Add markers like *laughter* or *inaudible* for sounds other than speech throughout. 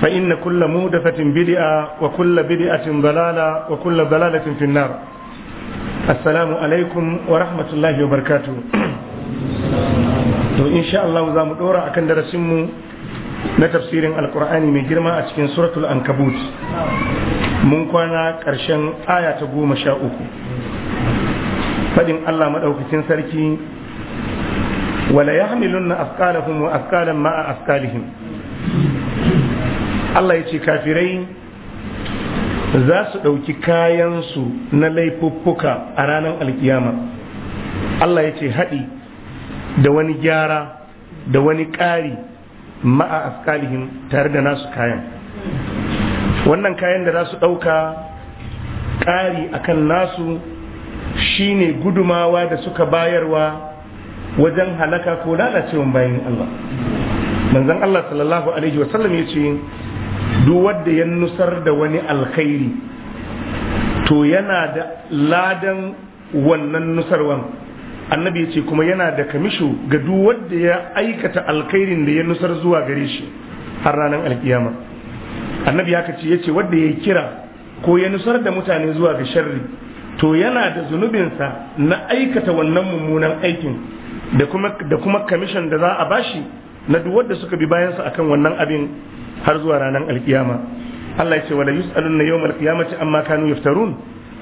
فإن كل مودفة بدعة وكل بدعة ضلالة وكل ضلالة في النار السلام عليكم ورحمة الله وبركاته to insha Allah za mu dora akan darasinmu na tafsirin alkur'ani mai girma a cikin suratul ankabut mun kwana ƙarshen aya ta goma sha uku faɗin Allah maɗaukacin sarki wala yahmilunna afqalahum wa ma a afqalihim Allah ya ce kafirai za su ɗauki kayansu na laifuffuka a ranar alkiyama Allah ya ce haɗi da wani gyara da wani ƙari ma'a ƙalihin tare da nasu kayan wannan kayan da za su ɗauka ƙari a kan nasu shine gudumawa da suka bayarwa wajen halaka ko lalacewan bayan Allah manzon Allah sallallahu alaihi wasallam ya ce duk wanda ya nusar da wani alkhairi to yana da ladan wannan nusarwan annabi ya ce kuma yana da kamisho ga duk wanda ya aikata alkhairin da ya nusar zuwa gare shi har ranar alkiyama annabi haka ce ya ce wanda ya kira ko ya nusar da mutane zuwa ga sharri to yana da zunubinsa na aikata wannan mummunan aikin da kuma kamishin da za a bashi na duk wanda suka bi bayansa akan wannan abin har zuwa ranar alkiyama Allah ya ce wala na yawmal qiyamati amma kanu yaftarun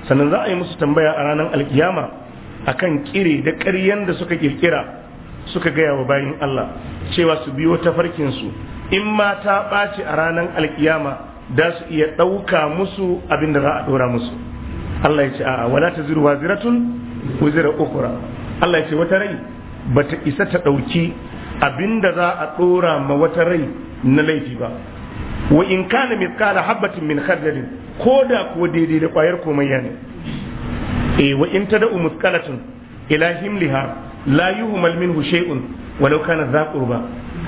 sannan za a yi musu tambaya a ranar alkiyama akan kire da ƙaryan da suka kirkira suka gaya wa bayin Allah cewa su biyo tafarkin su in ma ta ɓaci a ranar alkiyama da su iya ɗauka musu abin da za a ɗora musu Allah ya ce a'a wala taziru waziratun wuzira ukura Allah ya ce wata rai bata isa ta ɗauki abinda za a ɗora ma wata rai na laifi ba wa in kana mithqala habatin min khardalin ko da daidai da kwayar komayya ne E, wa in tada'u mithqalatun ila himliha la yuhmal minhu shay'un walau kana za qurba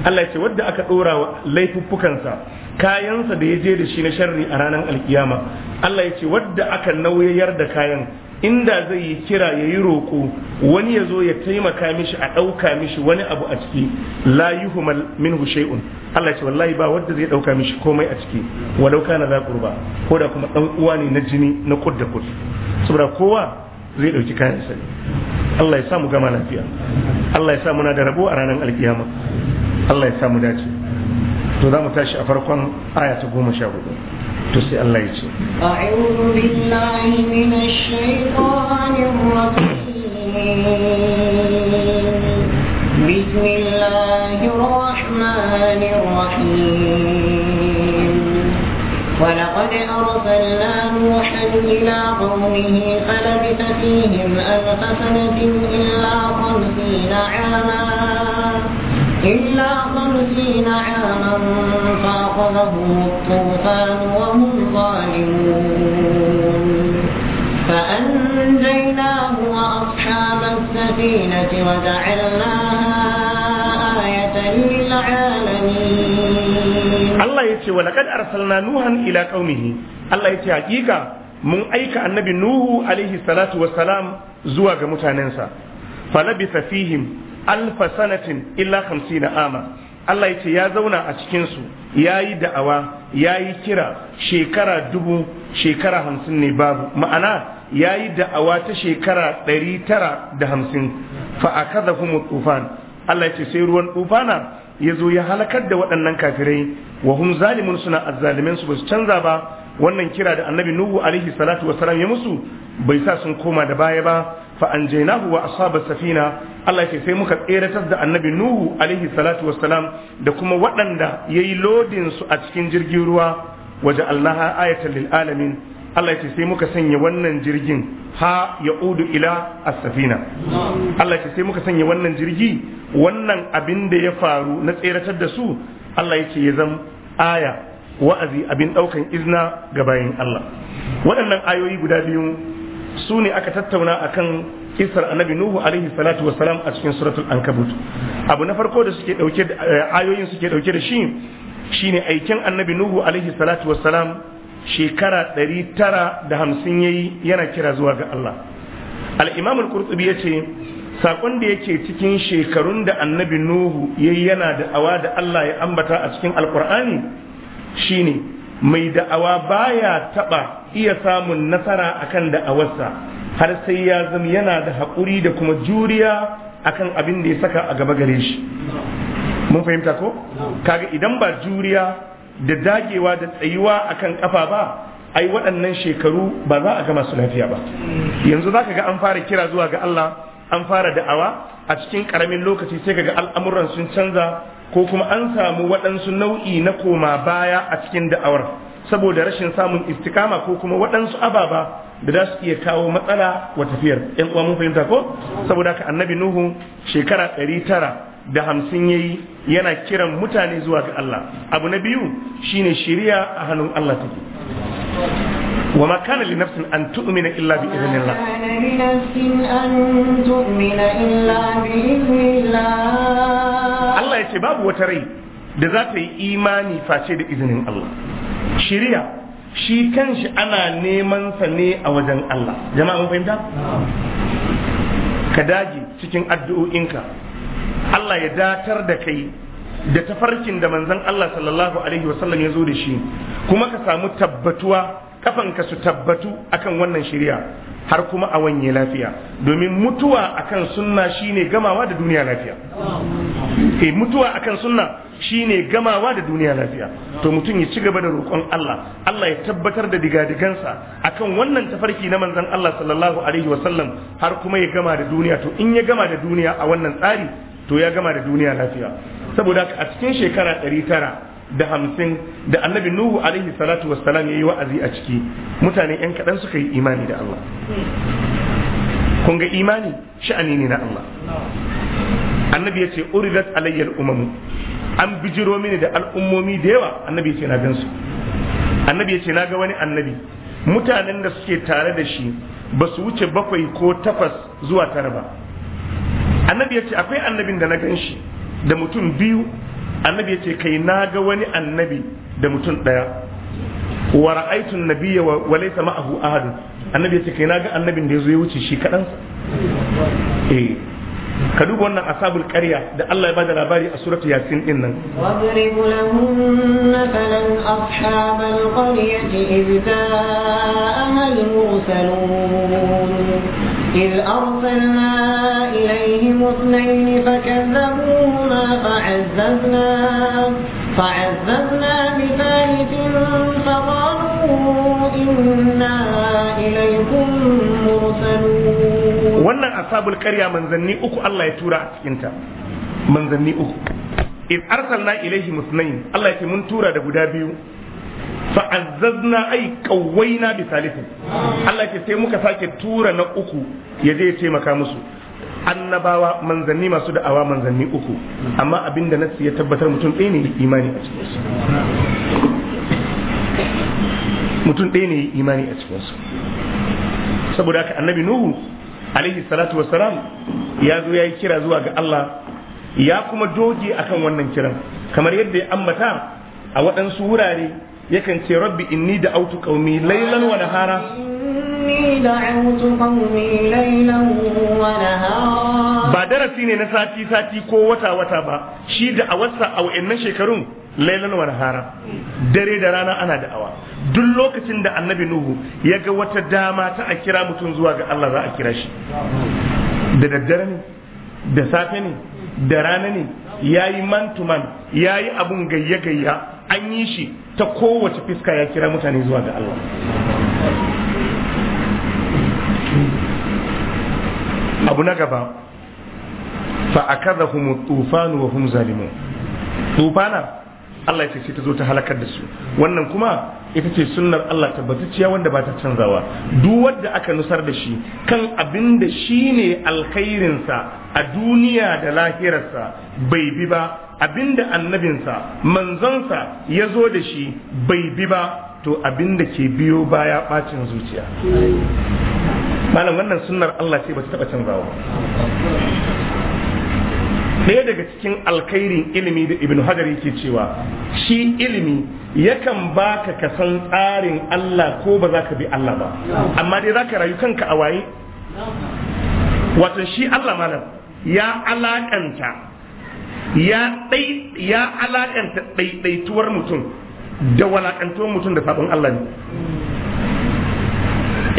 Allah ce wadda aka ɗora wa laifuffukansa kayansa da ya je da shi na sharri a ranar alkiyama Allah ya ce wadda aka nauyayar da kayan inda zai yi kira ya yi roƙo wani ya zo ya taimaka mishi a ɗauka mishi wani abu a ciki la min minhu shay'un Allah ce wallahi ba wanda zai ɗauka mishi komai a ciki walau kana za qurba ko da kuma ɗan uwa ne na jini na kud da kud saboda kowa zai ɗauki kayan sa Allah ya sa mu gama lafiya Allah ya sa muna da rabo a ranar alkiyama Allah ya sa mu dace to za mu tashi a farkon aya ta goma sha hudu to sai Allah ya ce a'udhu billahi minash shaitanir rajim bismillahir rahmanir rahim ولقد أرسلنا نوحا إلى قومه فلبث فيهم ألف سنة إلا خمسين عاما إلا الذين آمنوا فأخذهم الطوفان وهم ظالمون فأنجيناه وأصحاب السفينة وجعلناها آية للعالمين الله يتي ولقد أرسلنا نوحا إلى قومه الله يتي حقيقة mun aika annabi Nuhu alaihi salatu wassalam zuwa ga mutanensa falabitha fihim alfa sanatin illa hamsina ama Allah ya ce ya zauna a cikinsu ya yi da'awa ya yi kira shekara dubu shekara hamsin ne babu ma'ana ya yi da'awa ta shekara ɗari tara da hamsin fa a kaza kuma tufan Allah ya ce sai ruwan tufana ya zo ya halakar da waɗannan kafirai wa hun zalimin suna zalimin su ba su canza ba wannan kira da annabi nuhu alaihi salatu wasalam ya musu bai sa sun koma da baya ba fa anjaynahu wa ashab safina Allah ce sai muka tseratar a annabi Nuhu alaihi salatu wassalam da kuma waɗanda yayi lodin su a cikin jirgin ruwa waje allaha ayatan lil alamin Allah ce sai muka sanya wannan jirgin ha ya ila a safina Allah ce sai muka sanya wannan jirgi wannan abin da ya faru na tseratar da su Allah yake ya zam aya wa'azi abin ɗaukan izna ga bayin Allah waɗannan ayoyi guda biyu su ne aka tattauna a kan kisar annabi nuhu alaihi salatu wasalam a cikin suratul ankabut abu na farko da suke dauke da eh, ayoyin suke dauke da shi shine aikin annabi nuhu alaihi salatu wasalam shekara 950 yayi yana kira zuwa ga Allah al-imam al-qurtubi yace sakon da yake cikin shekarun da annabi nuhu yayi yana da'awa da Allah ya ambata a cikin alqur'ani shine mai da'awa baya taba iya samun nasara akan da'awarsa har sai ya zama yana da haƙuri da kuma juriya akan abin da ya saka a gaba gare shi mun fahimta ko kaga idan ba juriya da dagewa da tsayuwa akan kafa ba ai waɗannan shekaru ba za a gama su lafiya ba yanzu za ka ga an fara kira zuwa ga Allah an fara da'awa a cikin ƙaramin lokaci sai ka ga al'amuran sun canza ko kuma an samu waɗansu nau'i na koma baya a cikin da'awar saboda rashin samun istikama ko kuma waɗansu ababa da za su iya kawo matsala wa tafiyar yan uwa mun fahimta ko saboda haka annabi nuhu shekara ɗari tara da hamsin ya yi yana kiran mutane zuwa ga Allah abu na biyu shine shiriya a hannun Allah take wa ma kana li nafsin an tu'mina illa bi idhnillah Allah ya ce babu wata rai da za ta yi imani face da izinin Allah shiriya shi kanshi ana neman sa ne a wajen Allah jama'a mun fahimta ka dage cikin addu'o'inka Allah ya datar da kai da tafarkin da manzon Allah sallallahu alaihi wasallam ya zo da shi kuma ka samu tabbatuwa kafanka su tabbatu akan wannan shiriya har kuma a wanye lafiya domin mutuwa akan sunna shine gamawa da duniya lafiya eh mutuwa akan sunna shine gamawa da duniya lafiya to mutum ya ci gaba da roƙon Allah Allah ya tabbatar da digadigansa akan wannan tafarki na manzon Allah sallallahu alaihi wa sallam har kuma ya gama da duniya to in ya gama da duniya a wannan tsari to ya gama da duniya lafiya saboda a cikin shekara ɗari tara da hamsin da annabi nuhu alaihi salatu wassalam ya yi wa'azi a ciki mutane yan kaɗan suka yi imani da Allah kun ga imani sha'ani ne na Allah annabi ya ce uridat alayyar umamu an bijiro mini da al'ummomi da yawa annabi ya ce na gansu annabi ya ce na ga wani annabi mutanen da suke tare da shi ba su wuce bakwai ko takwas zuwa tara ba annabi ya ce akwai annabin da na gan shi da mutum biyu annabi ya ce kai na ga wani annabi da mutum ɗaya wa ra'aitun nabiyya wa laysa ma'ahu ahad annabi ya ce kai na ga annabin da ya zo ya wuce shi kaɗan eh ka duba wannan asabul qarya da Allah ya bada labari a suratu yasin din nan واضرب لهم مثلا أصحاب القرية إذ جاءها المرسلون إذ أرسلنا إليهم اثنين فكذبوهما فعززنا فعززنا بثالث فقالوا إنا إليكم مرسلون wannan asabul qarya manzanni uku Allah ya tura a cikin ta manzanni uku in arsalna ilaihi musnain Allah ya ce mun tura da guda biyu fa azzazna ai qawwaina bi salisin Allah ya ce sai muka sake tura na uku ya je ya taimaka musu annabawa manzanni masu da'awa manzanni uku amma abinda nasu ya tabbatar mutum ɗaya ne imani a cikin su mutum ɗaya ne imani a cikin su saboda haka annabi nuhu alaihi salatu wassalam ya zo ya yi kira zuwa ga Allah ya kuma doge akan wannan kiran kamar yadda ya ambata a waɗansu wurare yakan ce rabbi inni da autu qaumi laylan wa nahara ba darasi ne na sati sati ko wata wata ba shi da a awarsa a wayannan shekarun lailan wa hara. dare da rana ana da awa. duk lokacin da annabi nuhu ya ga wata dama ta a kira mutum zuwa ga Allah za a kira shi da daddare ne da safe ne da rana ne ya yi man ya yi abun gayya gayya an yi shi ta kowace fiska ya kira mutane zuwa ga Allah abu na gaba fa akadahum tufanu wa hum zalimun tufana Allah ce sai ta zo ta halakar da su wannan kuma ita ce sunnar Allah tabbatacciya wanda ba ta canzawa duk wanda aka nusar da shi kan abin da shi ne alkhairinsa a duniya da lahirarsa bai bi ba abin da annabinsa manzonsa ya zo da shi bai bi ba to abin da ke biyo baya bacin zuciya malam wannan sunnar Allah ce ba ta taɓa canzawa ɗaya daga cikin alkhairin ilimi da ibn hajar yake cewa shi ilimi yakan baka ka san tsarin Allah ko ba za ka bi Allah ba amma dai za ka rayu kanka a waye wato shi Allah malam ya alakanta ya ya alakanta ɗaiɗaituwar mutum da walakantuwar mutum da sabon Allah ne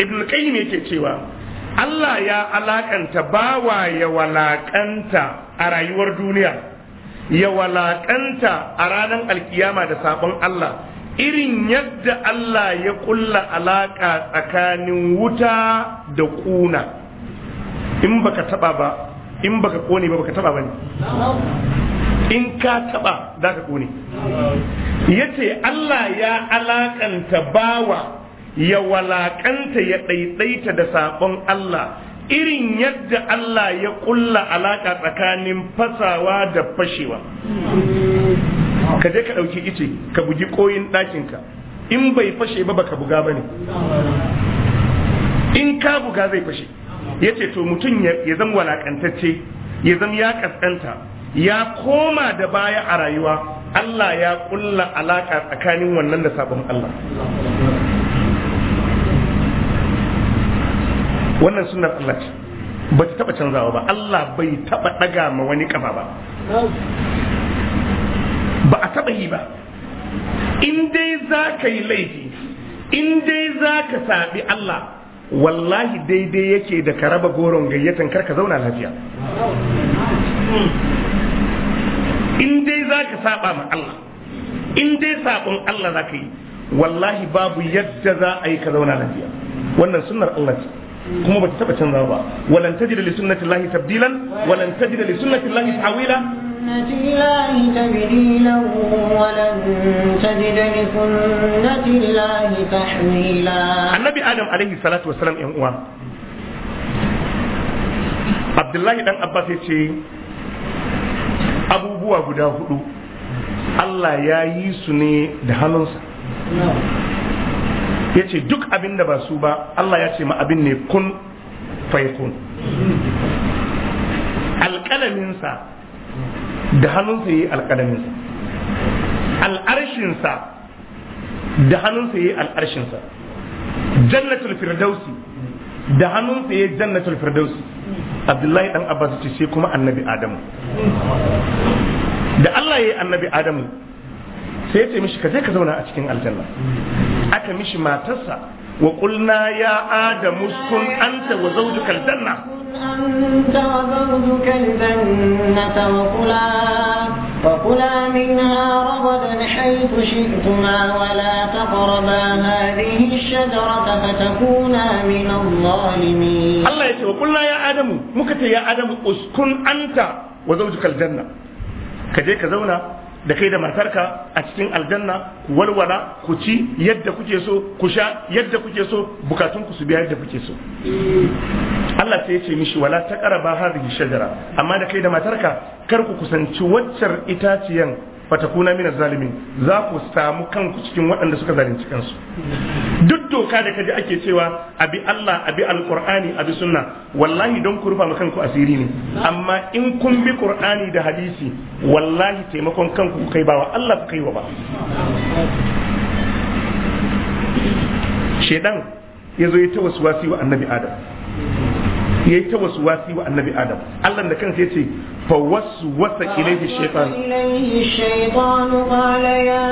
ibn qayyim yake cewa Allah ya alakanta bawa ya walakanta a rayuwar duniya ya walakanta a ranar alkiyama da sabon Allah irin yadda Allah ya kulla alaka tsakanin wuta da kuna in baka taba ba in baka kone ba baka taba bane in ka taba za ka kone yace Allah ya alakanta bawa ya walakanta ya ɗaiɗaita da saƙon Allah irin yadda Allah ya ƙulla alaƙa tsakanin fasawa da fashewa ka je ka ɗauki ice ka bugi ƙoyin ɗakinka in bai fashe ba baka buga ba ne in ka buga zai fashe ya ce to mutum ya zan walakantacce ya zan ya ƙasƙanta ya koma da baya a rayuwa Allah ya ƙulla alaƙa tsakanin wannan da sabon Allah wannan sunnar Allah ce ba ta taba canzawa ba Allah bai taba daga ma wani kafa ba ba a taba yi ba in dai za ka yi laifi in dai za ka saɓi Allah wallahi daidai yake da ka raba goron gayyatan karka zauna lafiya in dai za ka saba ma Allah in dai sabon Allah za ka yi wallahi babu yadda za a yi ka zauna lafiya wannan sunnar Allah ce kuma ba ta taba canza ba walan tajida li sunnati llahi tabdilan walan tajida li sunnati llahi tahwila annabi adam alaihi salatu wasalam yan uwa abdullahi dan abbas ya ce abubuwa guda hudu allah ya yi su ne da hannunsa ya ce duk abin da ba su ba Allah ya ce ma abin ne kun faikun alƙalaminsa da hannunsa ya yi alƙalaminsa al'arshinsa da hannunsa ya yi al'arshinsa jannatul firdausi da hannunsa ya yi jannatul firdausi abdullahi dan abbas ce kuma annabi adamu da Allah ya yi annabi adamu sai ya ce ka zauna cikin aljanna aka mishi matarsa wa kulna ya adamu yace wa kulna ya adamu ka je ka zauna da kai da matarka a cikin aljanna ku walwala ku ci yadda kuke so ku sha yadda kuke so bukatun ku su biya yadda kuke so Allah sai ya ce mishi wala taqraba hadhihi shajara amma da kai da matarka kar ku kusanci waccar itaciyan fatakuna mina zalimin za ku samu kanku cikin waɗanda suka zalunci kansu duk doka da kaji ake cewa abi Allah abi alqur'ani abi sunna wallahi don ku rufa kanku asiri ne amma in kun bi qur'ani da hadisi wallahi taimakon kanku kai ba wa Allah ku kai wa ba shedan ya zo ya ta wasu wasi wa annabi adam ya ta wasu wasi wa annabi adam Allah da kansa ya ce فوسوس إليه الشيطان إليه الشيطان قال يا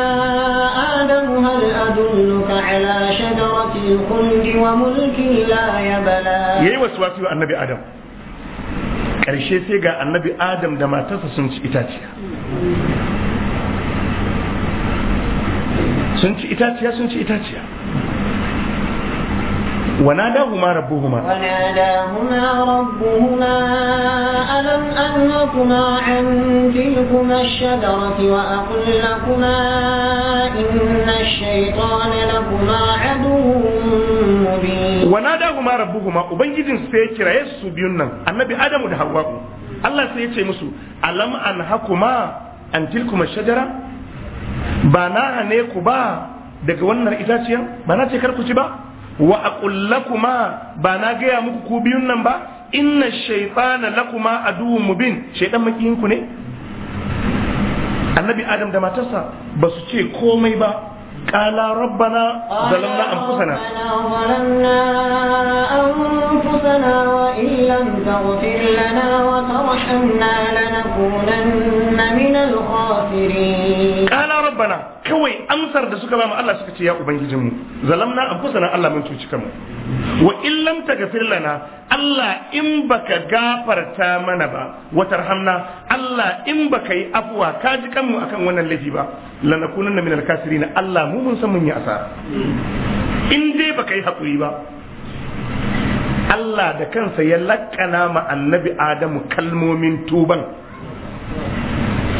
آدم هل أدلك على شجرة الخلد وملك لا يبلى يي وسواس النبي آدم ƙarshe sai ga annabi adam da matarsa sun ci itaciya sun ci itaciya sun ci itaciya وناداهما ربهما وناداهما ربهما ألم أنهكما عن تلكما الشجرة وأقل لكما إن الشيطان لكما عدو مبين وناداهما ربهما وبنجدين سيكرا يسو بيوننا النبي آدم ده الله سيكي مسو ألم أنهكما عن تلكما الشجرة بناها نيكو با daga wannan itaciyar ba na ce karku ci ba wa lakuma ba na gaya muku ku biyun nan ba inna shaytana lakuma aduwwun mubin shaydan makiyin ku ne annabi adam da matarsa ba su ce komai ba qala rabbana zalamna anfusana anfusana wa illam taghfir lana wa tarhamna lanakunanna khasirin qala rabbana kawai amsar da suka ba mu Allah suka ce ya ubangijinmu zalamna anfusana Allah mun cuci kanmu wa in lam lana Allah in baka gafarta mana ba wa tarhamna Allah in baka yi afwa ka ji kanmu akan wannan laifi ba lanakunanna min alkasirin Allah mu mun san mun yi asara in dai baka yi hakuri ba Allah da kansa ya lakkana ma annabi Adamu kalmomin tuban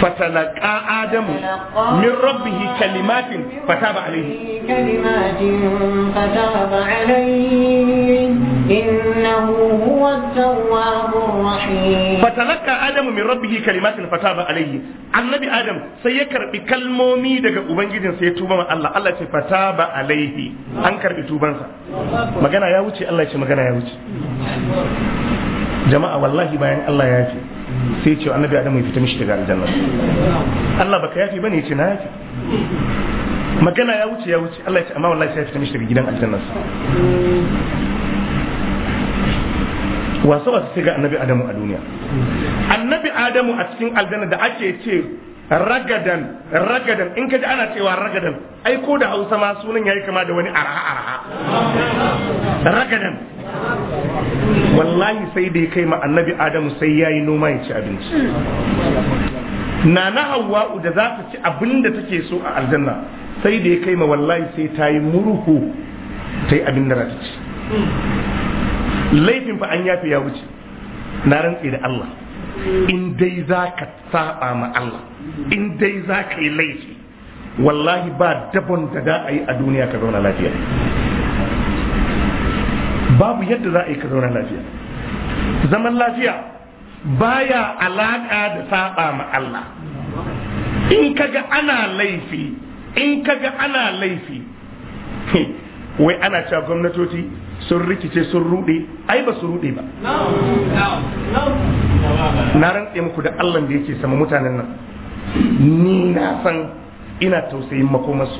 فتلقى آدم من ربه كلمات فتاب عليه كلمات فتاب عليه إنه هو التواب الرحيم فتلقى آدم من ربه كلمات فتاب عليه النبي آدم سيكر بكلمومي دقاء أبنجد سيتوبا مع الله الله فتاب عليه أنكر بتوبا مغانا يا وجه الله يا مغانا يا وجه jama'a wallahi bayan Allah sai ce annabi adamu ya fita mishi daga aljanna Allah baka yafi bane ya ce na yafi magana ya wuce ya wuce Allah ya ce amma wallahi sai ya fita mishi daga gidan aljanna wasu wasu sai ga annabi adamu a duniya annabi adamu a cikin aljanna da ake ce ragadan ragadan in ka ji ana cewa ragadan ai ko da hausa ma sunan yayi kama da wani araha araha ragadan wallahi sai dai kai ma annabi adamu sai yayi noma ya ci abinci nana hawa'u da za ta ci abinda da take so a aljanna sai dai kai ma wallahi sai ta yi murhu ta yi abin da ta ci laifin fa an yafe ya wuce na rantse da Allah in dai za ka saba ma Allah in dai za ka yi laifi wallahi ba dabon da za a yi a duniya ka zauna lafiya babu yadda za a yi ka zauna lafiya zaman lafiya baya alaƙa da saba ma Allah in kaga ana laifi in ka ga ana laifi *laughs* wai ana cewa gwamnatoci sun rikice sun rude ai ba su rude ba na rantse muku da Allah da yake sama mutanen nan ni na san ina tausayin makomarsu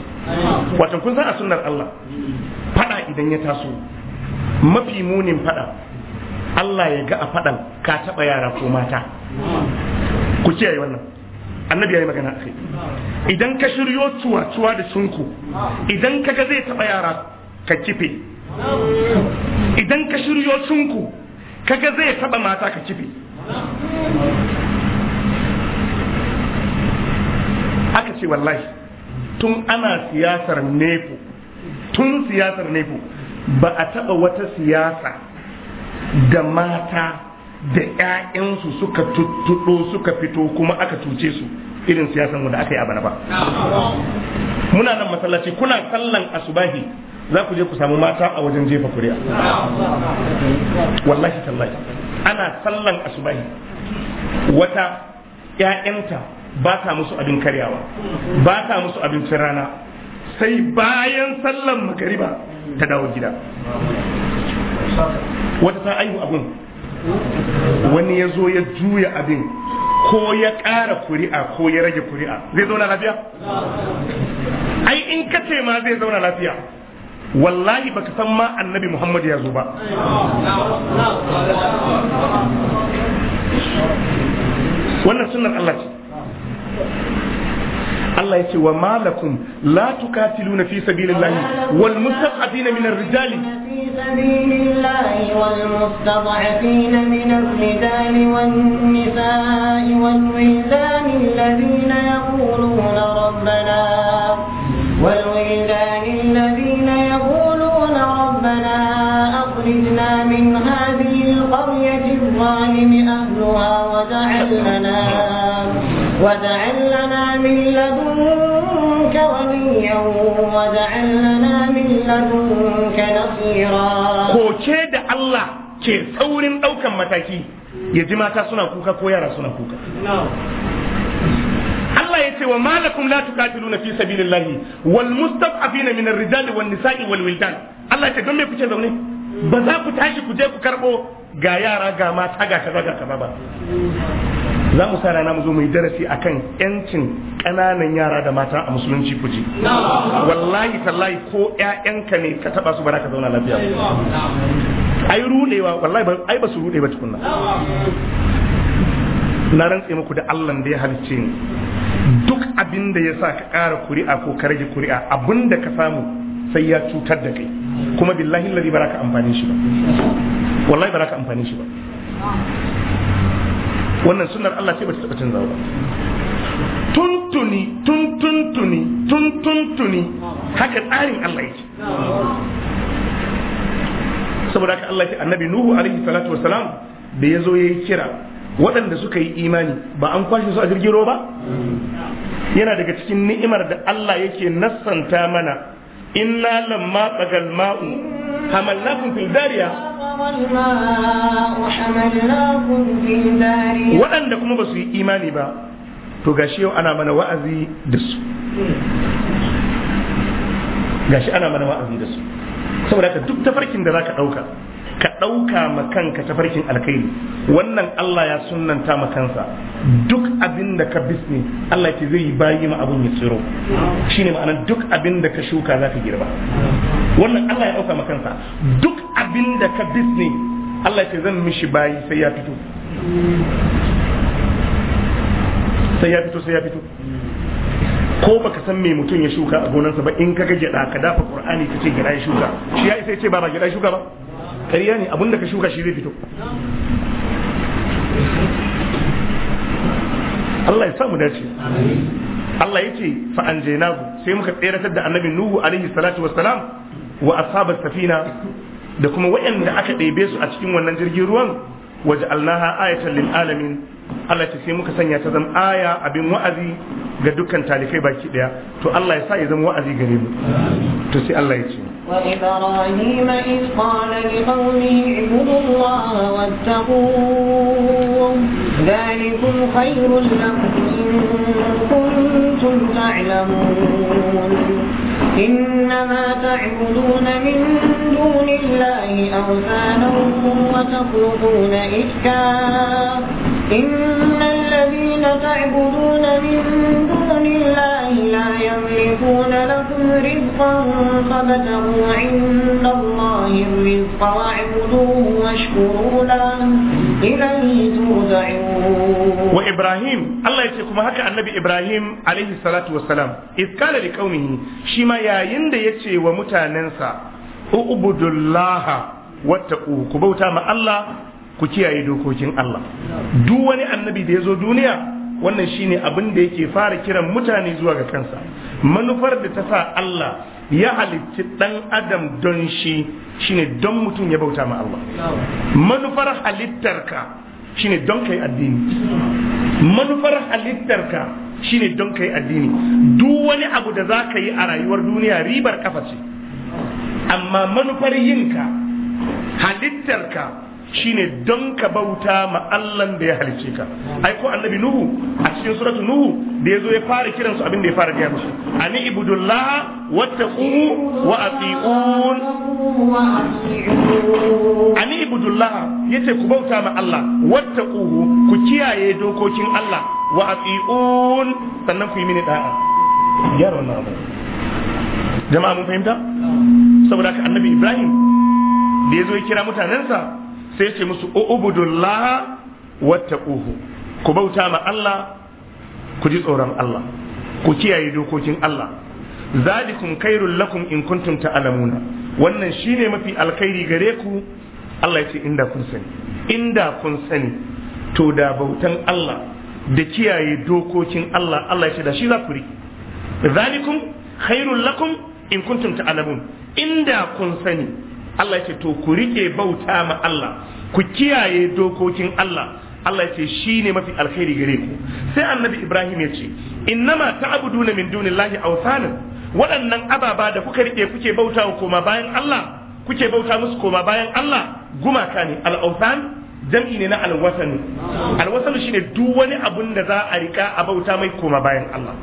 wato kun san a sunnar Allah fada idan ya taso mafi munin fada Allah ya ga a fadan ka taba yara ko mata ku kiyaye wannan annabi ya yi magana akai idan ka shiryo tuwa-tuwa da sunku idan ka ga zai taba yara ka kife idan ka shiryo sunku ka ga zai taba mata ka kife aka ce wallahi tun ana siyasar nefo tun siyasar nefo ba a taɓa wata siyasa da mata da 'ya'yansu suka tuttuɗo suka fito kuma aka tuce su irin siyasan da aka yi a bana ba muna nan masallaci kuna sallan asubahi za ku je ku samu mata a wajen jefa kuri'a wallahi tallahi ana sallan asubahi wata 'ya'yanta ba ta musu abin karyawa ba ta musu abincin rana sai bayan sallan magariba ta dawo gida wata ta aihu abin wani ya zo ya juya abin ko ya ƙara kuri'a ko ya rage kuri'a zai zauna lafiya ai in ka ce ma zai zauna lafiya wallahi baka san ma annabi muhammad ya zo ba wannan sunan allah ce الله ya ce لكم لا la في سبيل الله والمستضعفين من الرجال سبيل الله والمستضعفين من الرجال والنساء والولدان الذين يقولون ربنا والولدان الذين يقولون ربنا أخرجنا من هذه القرية الظالم أهلها وجعل لنا واجعل لنا من لدنك وليا واجعل لنا من لدنك نصيرا كوكي دا الله ke saurin ɗaukan mataki ya ji mata suna kuka ko yara suna kuka Allah ya ce wa malakum la tuqatiluna fi sabilillahi wal mustad'afina min ar-rijali wan nisa'i wal wildan Allah ya ce don me kuke zaune ba za ku tashi ku je ku karbo ga yara ga mata ga kaza ga kaza ba za mu sa rana mu zo mu yi darasi kan yancin ƙananan yara da mata a musulunci fuji wallahi tallahi ko ƴaƴanka ne ka taba su bara ka zauna lafiya ai rudewa wallahi ai ba su rude ba tukunna na rantse muku da Allah da ya halicce ni duk abin da ya sa ka ƙara kuri'a ko ka rage kuri'a abin da ka samu sai ya cutar da kai kuma billahi lalli ba ka amfani shi ba wallahi ka amfani shi ba wannan sunar Allah ce ba ta taɓa canza ba tuntuni tuntuntuni tuntuntuni haka tsarin Allah yake saboda haka Allah ya annabi Nuhu alaihi salatu wassalam da ya zo ya kira waɗanda suka yi imani ba an kwashe su a jirgin ruwa ba yana daga cikin ni'imar da Allah yake nassanta mana inna lamma tsagal ma'u hamallakum fil dariya waɗanda kuma ba su yi imani ba to gashi yau ana mana wa'azi da su gashi ana mana wa'azi da su saboda ka duk tafarkin da za ka ɗauka ka ɗauka ma kanka tafarkin alkhairi wannan Allah ya sunanta ma kansa duk abin da ka bisne Allah ce zai yi bayi ma abun ya tsiro shine ma'anar duk abin da ka shuka za ka girba wannan Allah ya ɗauka makansa kansa duk abin da ka bisne Allah ce zan mishi bayi sai ya fito sai ya fito sai ya fito ko baka san me mutum ya shuka a gonarsa ba in ka gaje ka dafa qur'ani ce gida ya shuka shi ya sai ce ba ba gida shuka ba kariya ne da ka shuka shi zai fito Allah ya samu dace Allah ya ce fa anjaynahu sai muka tseratar da annabi nuhu alaihi salatu wassalam wa ashabas safina da kuma waɗanda aka ɗebe su a cikin wannan jirgin ruwan waje allaha ayatan lil alamin Allah ce sai muka sanya ta zama aya abin wa'azi ga dukkan talikai baki ɗaya, to Allah ya sa ya zama wa'azi gare mu to sai Allah ya ce وإبراهيم إذ قال لقومه اعبدوا الله واتقوه ذلكم خير لكم إن كنتم تعلمون إنما تعبدون من دون الله أوثانا وتخلقون إفكا إن الذين تعبدون من دون الله لا يملكون لكم رزقا فبتروا عند الله الرزق واعبدوه واشكروا له إليه ترجعون وإبراهيم الله يتيكم هكا النبي إبراهيم عليه الصلاة والسلام إذ قال لقومه شما يا يند يتي ومتاننسا اعبدوا الله واتقوه كبوتا ما الله ku kiyaye dokokin Allah duk wani annabi da ya zo duniya wannan shine abin da yake fara kiran mutane zuwa ga kansa manufar da ta sa Allah ya halitti dan adam don shi shine don mutum ya bauta ma Allah manufar halittarka shine don kai addini manufar halittarka shine don kai addini duk wani abu da za ka yi a rayuwar duniya ribar kafa ce amma manufar yinka halittarka shine don ka bauta ma Allah da ya halice ka ai ko annabi nuhu a cikin suratu nuhu da yazo ya fara kiran su abin da ya fara gaya musu ani ibudullah wattaqu wa atiun ani ibudullah yace ku bauta ma Allah wattaqu ku kiyaye dokokin Allah wa atiun sannan ku yi mini da'a gyara wannan ba jama'a mun fahimta saboda ka annabi Ibrahim da yazo ya kira mutanensa sai ce musu ubudullah wattaquhu ku bauta ma Allah ku ji tsoron Allah ku kiyaye dokokin Allah zalikum khairul lakum in kuntum ta'lamuna wannan shine mafi alkhairi gare ku Allah ya ce inda kun sani inda kun sani to da bautan Allah da kiyaye dokokin Allah Allah ya ce da shi za ku ri zalikum khairul lakum in kuntum ta'lamun inda kun sani Allah ya ce to ku rike bauta ma Allah ku kiyaye dokokin Allah Allah ya ce ne mafi alkhairi gare ku sai annabi Ibrahim ya ce innama ta'buduna min dunillahi awsanan waɗannan ababa da kuka rike kuke bautawa koma bayan Allah kuke bauta musu koma bayan Allah gumaka ne al-awsan jam'i ne na al alwasanu shine duk wani abun da za a rika a bauta mai koma bayan Allah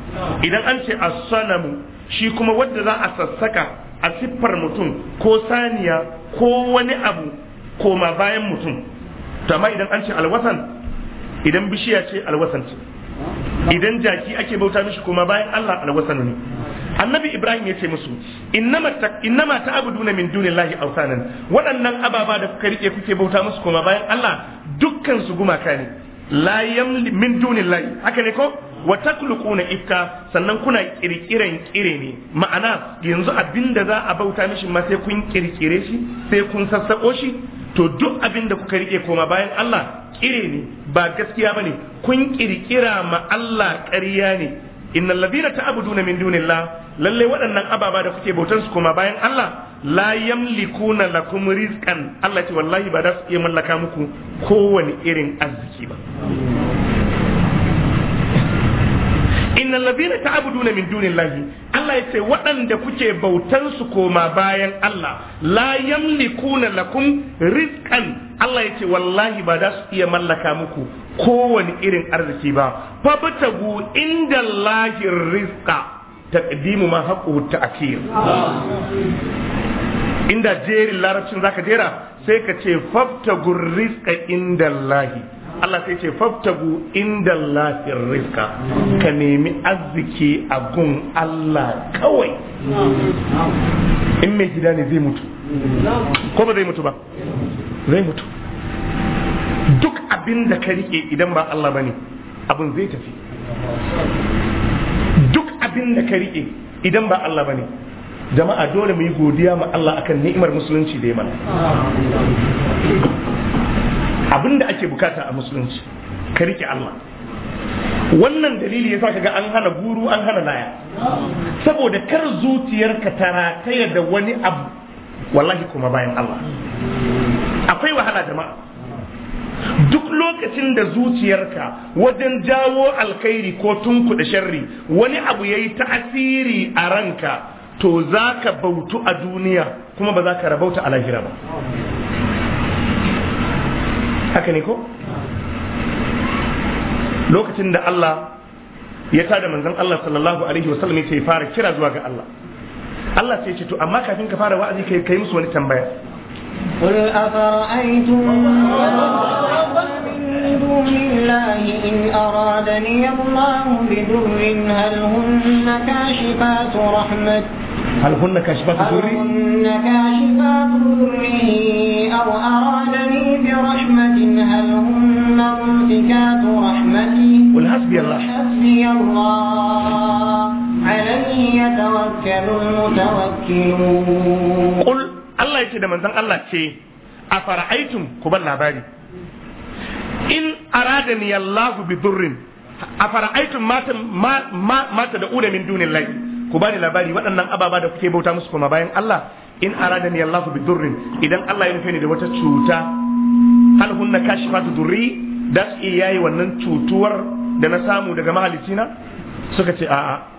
idan an ce as-sanamu shi kuma wanda za a sassaka a siffar mutum ko saniya ko wani abu koma bayan mutum to amma idan an ce alwasan idan bishiya ce alwasan ce idan jaki ake bauta mishi koma bayan Allah alwasan ne annabi ibrahim ya ce musu innama ta abudu min dunillahi awsanan waɗannan ababa da kuka rike kuke bauta musu koma bayan Allah dukkan su gumaka ne la yamli min dunillahi haka ne ko wa taklukuna ifka sannan kuna kirkiran kire ne ma'ana yanzu abinda za a bauta mishi ma sai kun kirkire shi sai kun sassaƙo shi to duk abinda kuka rike koma bayan Allah kire ne ba gaskiya bane kun kirkira ma Allah ƙarya ne innal ladina ta'buduna min dunillah lalle waɗannan ababa da kuke bautar su koma bayan Allah la yamlikuna lakum rizqan Allah ce wallahi ba da su iya mallaka muku kowane irin arziki ba innal ladina ta'buduna min dunillahi Allah yace waɗanda kuke bautan su koma bayan Allah la yamlikuna lakum rizqan Allah yace wallahi ba za su iya mallaka muku kowane irin arziki ba fabtagu indallahi rizqa taqdimu ma haqqu ta'khir inda jerin larabcin zaka jera sai ka ce fabtagu rizqa indallahi Allah sai ce faftagu inda lafin rizka ka nemi arziki a gun Allah kawai in mai gida ne zai mutu ko ba zai mutu ba zai mutu duk abin da ka rike idan ba Allah ba ne abin zai tafi duk abin da ka rike idan ba Allah ba ne jama'a dole mu yi godiya ma Allah akan ni'imar musulunci da ya mana Abin da ake bukata a musulunci ka rike Allah wannan dalili yasa ga an hana guru an hana laya saboda kar zuciyarka ta rataya da wani abu wallahi kuma bayan Allah akwai wahala jama'a duk lokacin da zuciyarka wajen jawo alkhairi ko tunkuɗa sharri wani abu ya yi ta'asiri a ranka to za ka bautu a duniya kuma ba za ka rabauta a lahira ba haka ne ko lokacin da Allah ya tada manzon Allah sallallahu alaihi wasallam ya ce fara kira zuwa ga Allah Allah sai ya ce to amma kafin ka fara wa'azi kai kai musu wani tambaya قل أفرأيتم من دون الله إن أرادني الله بدر هل هن كاشفات رحمة هل هن كاشفات ضره؟ هن كاشفات ضره أو أرادني برحمة هل هن ممسكات رحمتي؟ قل حسبي الله حسبي الله عليه يتوكل المتوكلون قل Allah yake da manzon Allah ce a fara'aitun ku bar labari in arada ni Allah bi durrin a fara'aitun mata mata da ure min dunin lai ku bani labari waɗannan ababa da kuke bauta musu kuma bayan Allah in arada ni Allah bi durrin idan Allah ya nufe ni da wata cuta hal hunna kashifatu durri da su iya yayi wannan cutuwar da na samu daga mahalicina suka ce a'a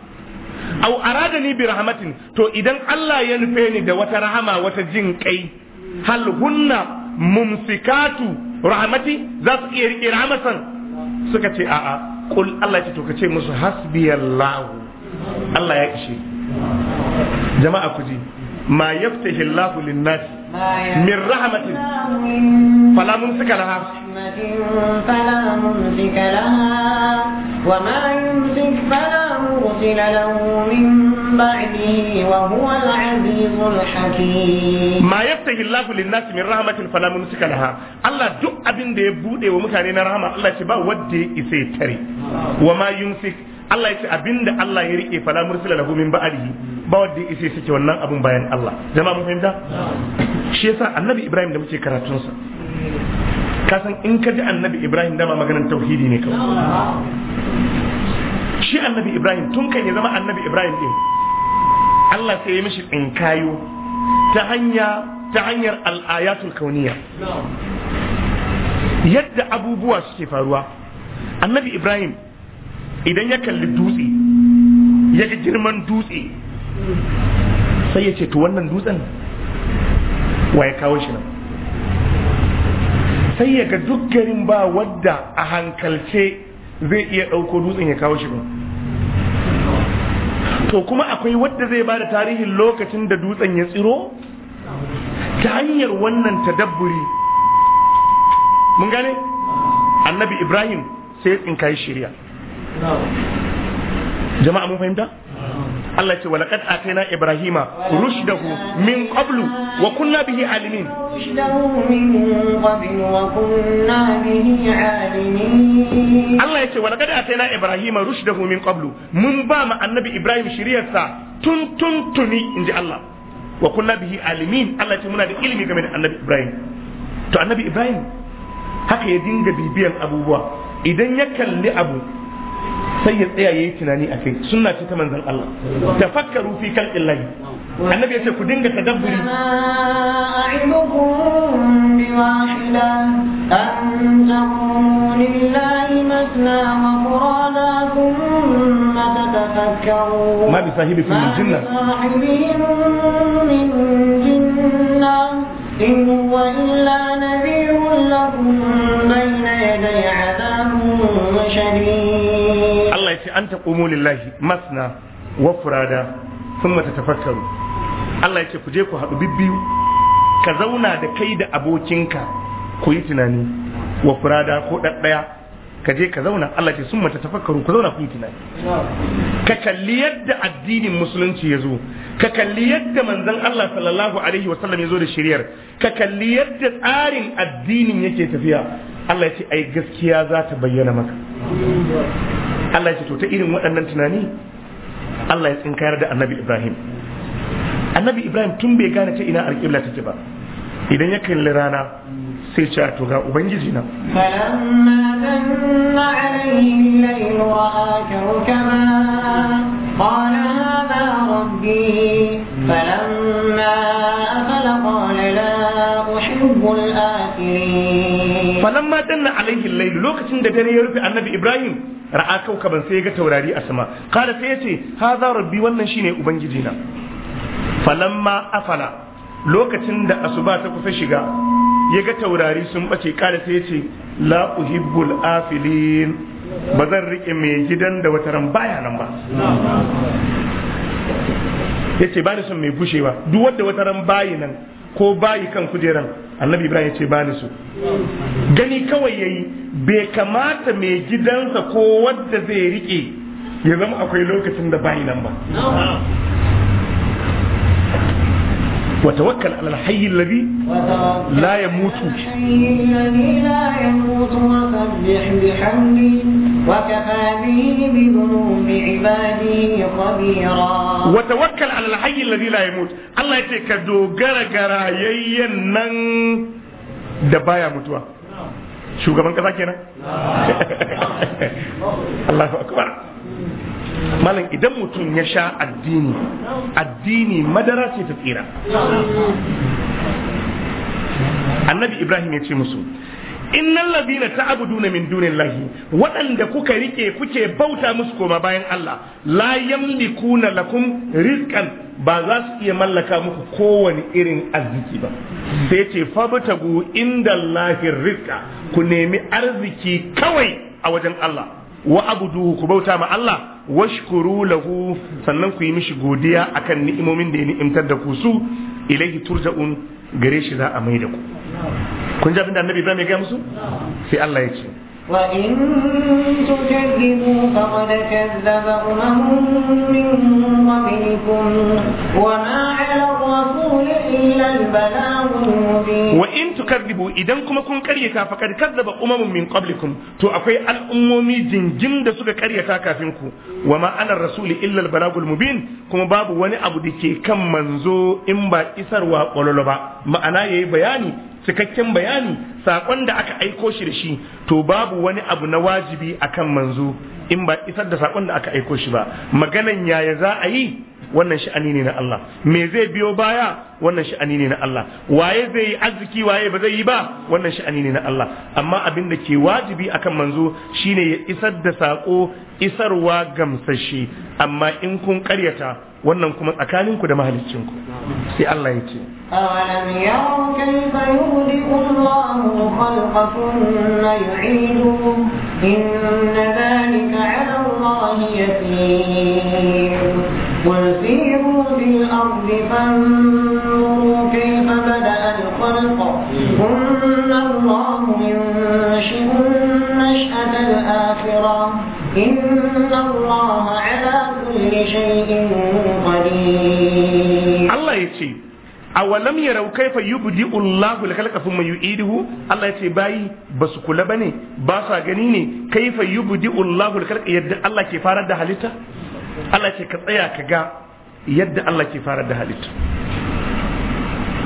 au ni bi rahmatin to idan Allah ya nufe ni da wata rahama wata jin kai hal hunna mumsikatu rahmati za su iya rike rahmatan suka ce a'a kul Allah ya ce to kace musu hasbiyallahu Allah ya ishe jama'a ku ji ma yaftahi Allahu lin-nasi min rahmatin fala mumsika laha fala mumsika laha وما يمسك فلا مرسل له من بعده وهو العزيز الحكيم ما يفتح الله للناس من رحمة فلا ممسك لها الله duk abin ya bude wa mutane na rahama Allah ce ba wanda ya isa ya tare wa ma yumsik Allah ya ce abin da Allah ya rike fala mursila lahu ba wanda isa sake wannan abun bayan Allah jama'a mun fahimta shi yasa annabi Ibrahim da muke karatun sa ka san in ka ji annabi Ibrahim dama maganar tauhidi ne kawai shi annabi Ibrahim tun kan ya zama annabi Ibrahim din Allah sai ya mishi tsinkayo ta ta hanyar al'ayatul kauniya yadda abubuwa suke faruwa annabi Ibrahim idan ya kalli dutse ya ga girman dutse sai ya ce to wannan dutsen wa ya kawo shi nan sai ya ga duk garin ba wadda a hankalce zai iya ɗauko dutsen ya kawo shi ba to kuma akwai wadda zai bada tarihin lokacin da dutsen ya tsiro ta hanyar wannan tadabburi mun gane annabi ibrahim sai ya tsinkayi shirya jama'a mun fahimta Allah ce walaqad atayna ibrahima rushdahu min qablu wa kunna bihi alimin wa kunna bihi alimin. Allah ya ce walaqad atayna ibrahima rushdahu min qablu mun ba ma annabi ibrahim shiriyarsa tun tun tuni in ji Allah wa kunna bihi alimin Allah ce muna da ilimi game da annabi ibrahim to annabi ibrahim haka ya dinga bibiyan abubuwa idan ya kalli abu sai ya tsaya yayi tunani a kai sunna ce ta manzon Allah tafakkaru fi kan illahi annabi yace ku dinga tadabburi ma bi sahibikum min jinna min jinna in huwa illa nadhirun lakum bayna yaday an ta taqumu lillahi masna wa furada mata tatafakkaru Allah ya ce ku je ku haɗu bibbiyu ka zauna da kai da abokinka ku yi tunani wa furada ko ɗaɗɗaya ka je ka zauna Allah ce sun mata tafakkaru ku zauna ku yi tunani ka kalli yadda addinin musulunci ya zo ka kalli yadda manzon Allah sallallahu alaihi wa sallam ya zo da shiriyar ka kalli yadda tsarin addinin yake tafiya Allah ya ce ai gaskiya za ta bayyana maka Allah ya ce to ta irin waɗannan tunani Allah ya tsinkayar da annabi Ibrahim annabi Ibrahim tun bai gane ta ina alƙibla take ba idan ya kalli rana sai ce to ga ubangiji na قال هذا janna alaihi layl lokacin da dare ya rufe annabi ibrahim ra'a kaukaban sai ya ga taurari a sama kada sai ya ce hadha rabbi wannan shine ubangiji na falamma afala lokacin da asuba ta kusa shiga ya ga taurari sun bace kada sai ya ce la uhibbul afilin ba zan rike mai gidan da ran baya nan ba ya ce ba da son mai bushewa duk wanda ran bayi nan ko bayi kan kujeran annabi ibrahim ya ce bani su gani kawai yayi bai kamata mai gidansa ko wadda zai rike ya zama akwai lokacin da bayi nan ba وتوكل على الحي الذي لا يموت وسبح بحمده وكفى به بذنوب عباده خبيرا وتوكل على الحي الذي لا يموت الله يتكدو غرغرا غرايي نن دبايا متوا شو كمان كذا كده *laughs* الله اكبر malam idan mutum ya sha addini addini madara ce ta tsira annabi ibrahim ya ce musu ta ladina ta'buduna min dunillahi waɗanda kuka rike kuke bauta musu koma bayan Allah la yamlikuna lakum rizqan ba za su iya mallaka muku kowane irin arziki ba sai ce fabtagu indallahi rizqa ku nemi arziki kawai a wajen Allah wa abuduhu ku bauta ma Allah washkuru lahu sannan ku yi mishi godiya akan ni'imomin da ya ni'imtar da ku su ilaihi turja'un gare shi za a mai da ku kun ji abin da annabi Ibrahim ya ga musu sai Allah ya ce وإن تكذبوا فقد كذب أمم ma قبلكم ar-rasuli illa al البلاغ wa in tukadibu idan kuma kun karyata fa kad kazzaba umamun min qablikum to akwai al'ummomi jinjin da suka karyata kafin ku wa ma ana rasuli illa al-balagul mubin kuma babu wani abu da ke kan manzo in ba isarwa kololo ba ma'ana yayi bayani cikakken bayani sakon da aka aiko shi da shi to babu wani abu na wajibi akan manzo in ba isar da sakon da aka aiko shi ba maganan yaya za a yi wannan sha'ani ne na Allah me zai biyo baya wannan sha'ani ne na Allah waye zai yi arziki waye ba zai yi ba wannan sha'ani ne na Allah amma abin da ke wajibi akan manzo shine ya isar da sako isarwa gamsashe amma in kun karyata wannan kuma tsakaninku da mahaliccinku sai Allah yake أولم يروا كيف يبدئ الله الخلق ثم يعيده إن ذلك على الله يسير قل سيروا في الأرض فانظروا كيف بدأ الخلق ثم الله ينشئ النشأة الآخرة إن الله على كل شيء قدير الله يتي awalam yarau kaifa yubdi Allahu al-khalqa thumma yu'iduhu Allah yace bayi basu kula bane ba sa gani ne kaifa yubdi Allahu al-khalqa yadda Allah ke farar da halitta Allah ce ka tsaya ka ga yadda Allah ke fara da halittu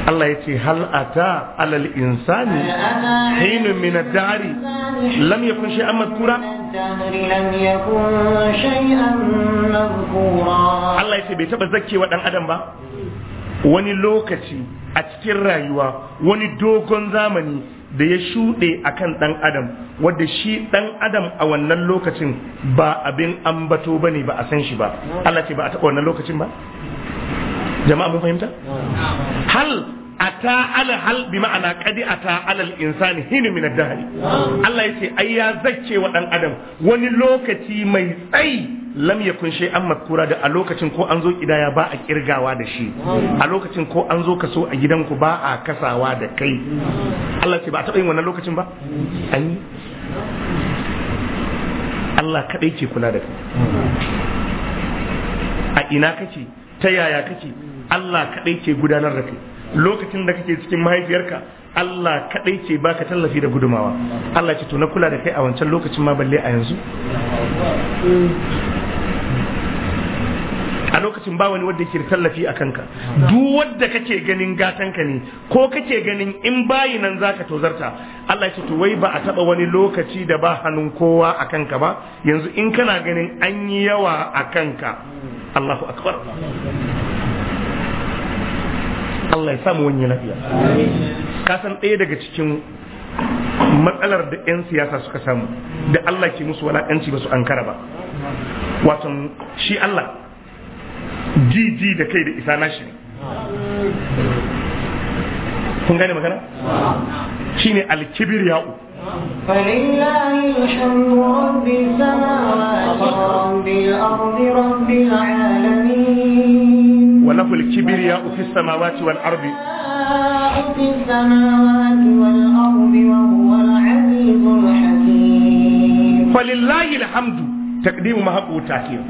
Allah ya ce hal alal insani hinu min dari lam yakun shay'an madhkura Allah ya ce bai taba wa dan adam ba wani lokaci a cikin rayuwa wani dogon zamani da ya shuɗe a kan ɗan adam wadda shi ɗan adam a wannan lokacin ba abin ambato ba ne ba a san shi ba Allah ce ba a taɓa wannan lokacin ba jama'a mun fahimta hal ata ala hal bi ma'ana kadi ata alal insani hinu min ad Allah yace ai ya zacce wa dan adam wani lokaci mai tsayi lam yakun shay amma kura da a lokacin ko an zo kidaya ba a kirgawa da shi a lokacin ko an zo kaso a gidanku ba a kasawa da kai Allah ce ba taɓa yin wannan lokacin ba ai Allah kaɗai ke kula da kai a ina kake ta yaya kake Allah kadai ke gudanar da kai lokacin da kake cikin mahaifiyarka Allah kadai ce baka tallafi da gudumawa Allah ce to na kula da kai a wancan lokacin ma balle a yanzu a lokacin ba wani wanda yake tallafi a kanka duk wanda kake ganin gatanka ne ko kake ganin in bayi nan zaka tozarta Allah ce to wai ba a taba wani lokaci da ba hannun kowa a kanka ba yanzu in kana ganin an yi yawa a kanka Allahu akbar Allah ya samu wani lafiya ka san ɗaya daga cikin matsalar da 'yan siyasa suka samu da Allah ke musu ƴanci ba su ankara ba wato shi Allah jiji da kai da isa nashi ne kun gane magana shi ne alkibir ya'u فلله وله الكبرياء في السماوات والأرض في السماوات والأرض وهو العزيز الحكيم فلله الحمد تقديم ما هو تأخير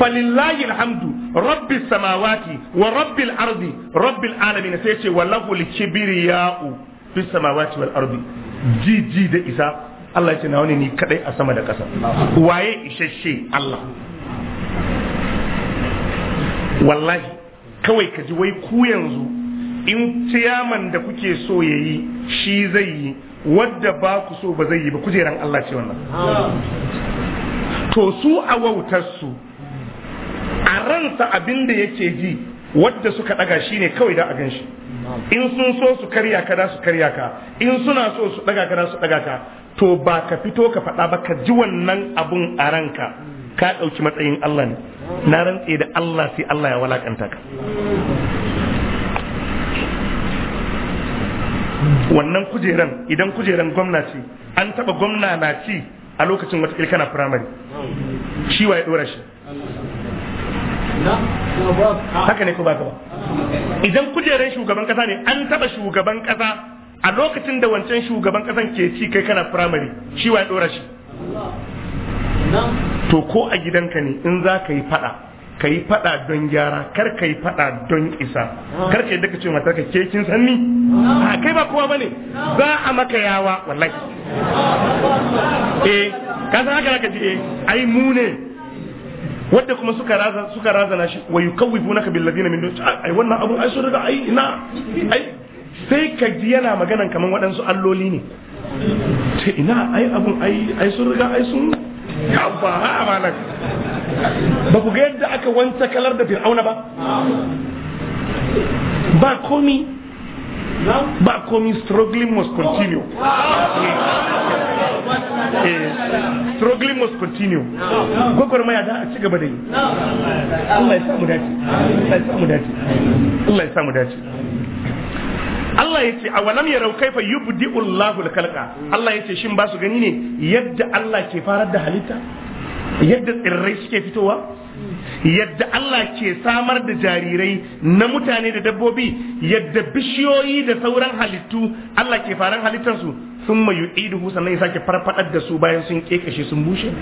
فلله الحمد رب السماوات ورب الأرض رب العالمين سيشي وله الكبرياء في السماوات والأرض جي جي ده إسا الله يتنا وني ني كدي أسما ده كسا وايه إششي الله والله kawai ka ji wai ku yanzu in ciyaman da kuke so ya yi shi zai yi wadda ba ku so ba zai yi ba kujeran Allah ce wannan to su a wautarsu a ransa abin da yake ji wadda suka daga shi ne kawai da a gan shi in sun so su karya ka da su karya ka in suna so su daga ka da su daga ka to ba ka fito ka faɗa ba ka ji wannan abun a ranka ka ɗauki matsayin Allah ne na rantse da Allah sai Allah ya walakanta ka wannan kujeran idan kujeran gwamna ce an taba gwamna na ci a lokacin wata kana firamare shi wa ya dora shi haka ne ko ba ba idan kujeran shugaban kasa ne an taba shugaban kasa a lokacin da wancan shugaban kasan ke ci kai kana firamare shi wa ya dora shi to ko a gidanka ne in za ka yi fada ka yi fada don gyara kar ka yi fada don isa kar ka yadda ka ce matarka ke kin sanni a kai ba kowa bane za a maka yawa wallahi eh ka san haka ka ji eh ai mu ne wadda kuma suka raza suka razana shi wa yukawwifunaka bil ladina min dun ai wannan abu ai so daga ai ina ai sai ka ji yana maganan kaman waɗansu alloli ne ta ina ai abun ai ai sun riga ai sun yabba ha ba ku ga yadda aka wanta kalar da fir'auna ba ba komi ba komi struggling must continue eh, struggling must continue maya da a ci gaba da yi Allah ya samu dace Allah ya samu dace Allah ya samu dace Allah ya ce a walam yarau kaifa yubdi'u Allahu al-khalqa Allah ya ce shin ba su gani ne yadda Allah ke farar da halitta yadda tsirrai suke fitowa yadda Allah ke samar da jarirai na mutane da dabbobi yadda bishiyoyi da sauran halittu Allah ke faran halittarsu sun mayu iduhu sannan ya sake farfadar da su bayan sun kekashe sun bushe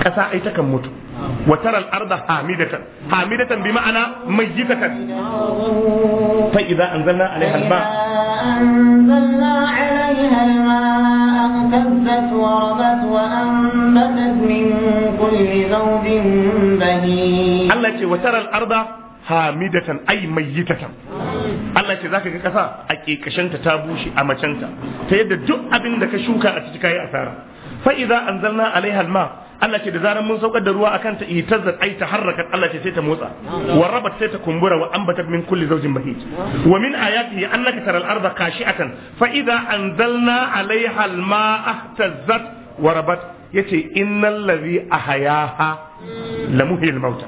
ƙasa ai kan mutu wa taral arda hamidatan hamidatan bi ma'ana mayyitatan fa idza anzalna alaiha alba anzalna alaiha alma اهتزت وربت وأنبتت من كل hamidatan ai mayyitatan Allah ce zaka ga kasa a kekashenta ta bushe a macenta ta yadda duk abin da ka shuka a ciki kai asara fa idza anzalna alaiha alma Allah ce da zarar mun saukar da ruwa akan ta ihtazzat ai ta harraka. Allah ce sai ta motsa wa rabat sai ta kumbura wa ambatat min kulli zawjin bahij wa min ayatihi annaka taral arda khashi'atan fa idza anzalna alaiha alma ahtazzat wa rabat yace innal ladhi ahayaha lamuhil mauta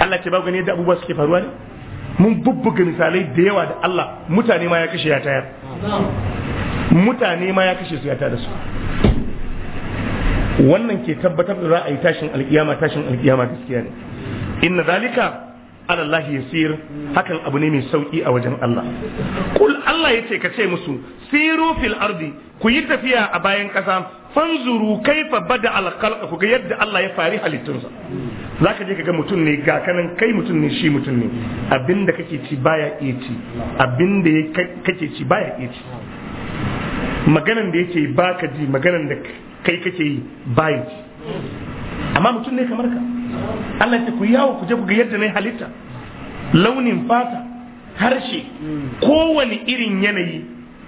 Allah ce babu gani da abubuwa suke faruwa ne mun bubbuga misalai da yawa da Allah mutane ma ya kashe ya tayar mutane ma ya kashe su ya tayar da su wannan ke tabbatar da ra'ayi tashin alkiyama tashin alkiyama gaskiya ne inna zalika ala Allah yasir hakan abu ne mai sauki a wajen Allah kul Allah yace ka ce musu siru fil ardi ku yi tafiya a bayan kasa fanzuru kaifa bada al ku ga yadda Allah ya fari halittunsa Za ka je ka ga mutum ne ga kanan kai mutum ne shi mutum ne abinda kake ci baya iya ci abinda kake ci baya iya ci maganan da yake ka ji maganan da kai kake yi baya ji amma mutum ne kamar ka Allah ya ku yawo ku je ku ga yadda na halitta launin fata harshe kowane irin yanayi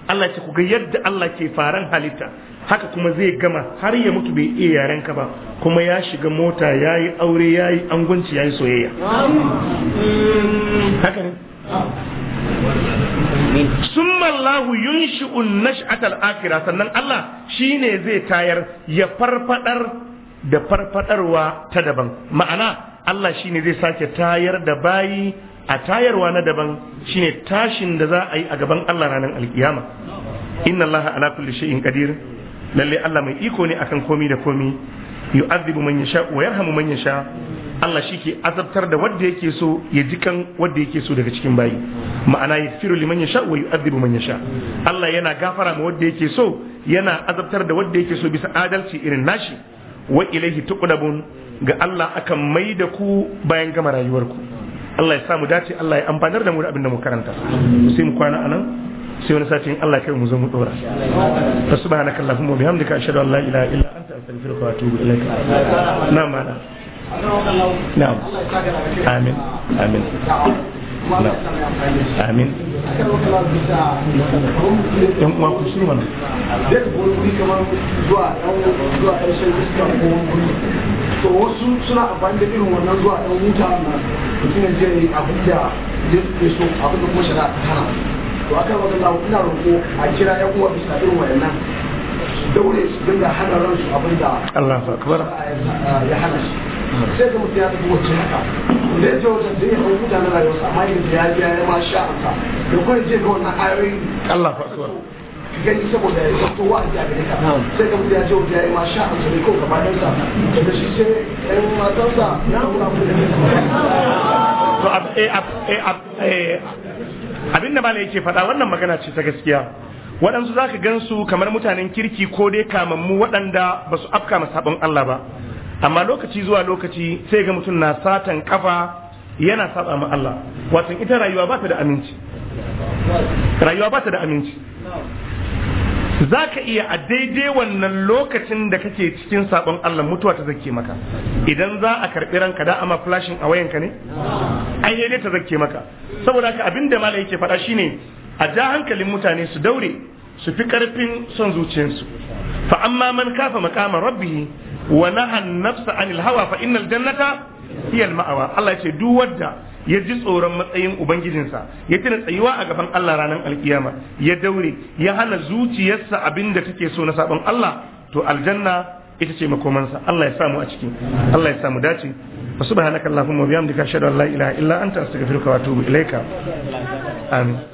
Allah ce ku ga yadda Allah ke faran halitta haka kuma zai gama har ya mutu bai iya yaren ka ba kuma ya shiga mota ya yi aure ya yi angunci ya yi soyayya haka ne sun mallahu yun nash'atal akira sannan Allah shi ne zai tayar ya farfadar da farfadarwa ta daban ma'ana Allah shi ne zai sake tayar da bayi a tayarwa na daban shine tashin da za a yi a gaban Allah ranar alkiyama inna Allah ala kulli shay'in qadir lalle Allah mai iko ne akan komi da komi yu'adhibu man yasha wa yarhamu man yasha Allah ke azabtar da wanda yake so ya ji wanda yake so daga cikin bayi ma'ana yafiru liman yasha wa yu'adhibu man yasha Allah yana gafara ma wanda yake so yana azabtar da wanda yake so bisa adalci irin nashi wa ilaihi tuqlabun ga Allah akan mai da ku bayan gama rayuwarku Allah ya samu dace Allah ya amfanar da mu da abin da mu karanta sai mu kwana anan sai wani satin Allah kai mu zo mu dora fa subhanaka allahumma bihamdika ashhadu an la ilaha illa anta astaghfiruka wa atubu ilaik na'am na'am amin amin amin yan kuma ku shi mana ku zuwa zuwa a shi iska ko to wasu suna amfani da irin wannan zuwa dan huta mutum ya je abin da ya so abin kuma shara ta hana to akan wajen na ina roƙo a kira yan uwa bisa irin wayannan daure su dinga hana ransu abin da Allah ya ah, hana shi sai da mutum ya tafi wacce haka da ya je wajen da ya mutane rayuwarsa amma yanzu ya biya ya ma sha amsa da kuma je ga wannan ayoyi Allah akbar gani saboda ya zato wa a gare ka sai ka mutu ya ce wuta ya yi ma sha a tsari ko gaba ɗansa daga shi sai ɗan matansa na kula mu da ke to abinda mala yake faɗa wannan magana ce ta gaskiya waɗansu za ka gan su kamar mutanen kirki ko dai kamammu waɗanda ba su afka ma sabon Allah ba amma lokaci zuwa lokaci sai ga mutum na satan kafa yana saba ma Allah wato ita rayuwa ba ta da aminci rayuwa ba ta da aminci za ka iya a daidai wannan lokacin da kake cikin sabon Allah mutuwa ta zake maka idan za a karɓi ranka da ama flashing a wayanka ne an yi ta zake maka saboda ka abin da mala yake faɗa shine a ja hankalin mutane su daure su fi karfin son zuciyarsu fa amma man kafa maqama rabbih wa nahan nafsa anil hawa fa innal jannata hiya al ma'awa Allah ya ce duk wanda ya ji tsoron matsayin ubangijinsa ya tana tsayuwa a gaban Allah ranar alkiyama ya daure ya hana zuciyarsa abin da take so na sabon Allah to aljanna ita ce makomansa Allah ya samu a ciki Allah ya samu dace wa subhanaka allahumma wa bihamdika ashhadu an la ilaha illa anta astaghfiruka wa atubu ilaika amin